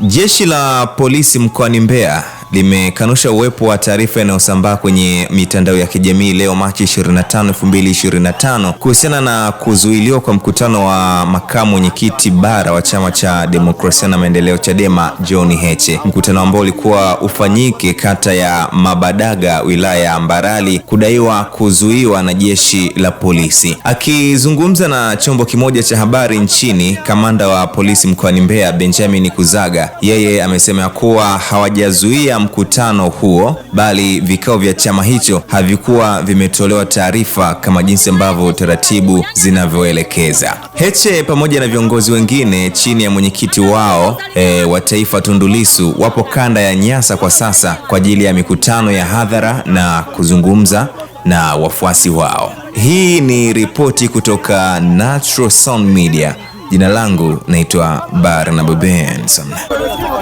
Jeshi la polisi mkoani Mbeya limekanusha uwepo wa taarifa inayosambaa kwenye mitandao ya kijamii leo Machi 25, 2025 kuhusiana na kuzuiliwa kwa mkutano wa makamu mwenyekiti bara wa chama cha demokrasia na maendeleo Chadema John Heche, mkutano ambao ulikuwa ufanyike kata ya Mabadaga wilaya ya Mbarali, kudaiwa kuzuiwa na jeshi la polisi. Akizungumza na chombo kimoja cha habari nchini, kamanda wa polisi mkoani Mbeya Benjamin Kuzaga, yeye amesema kuwa hawajazuia ya mkutano huo, bali vikao vya chama hicho havikuwa vimetolewa taarifa kama jinsi ambavyo taratibu zinavyoelekeza. Heche pamoja na viongozi wengine chini ya mwenyekiti wao e, wa taifa Tundu Lissu wapo kanda ya Nyasa kwa sasa kwa ajili ya mikutano ya hadhara na kuzungumza na wafuasi wao. Hii ni ripoti kutoka Natural Sound Media. Jina langu naitwa Barnaba Benson.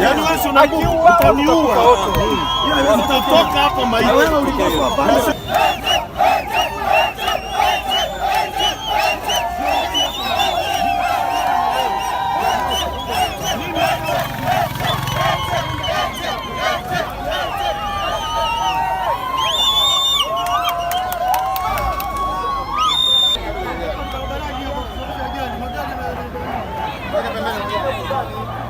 Yaani Gracias.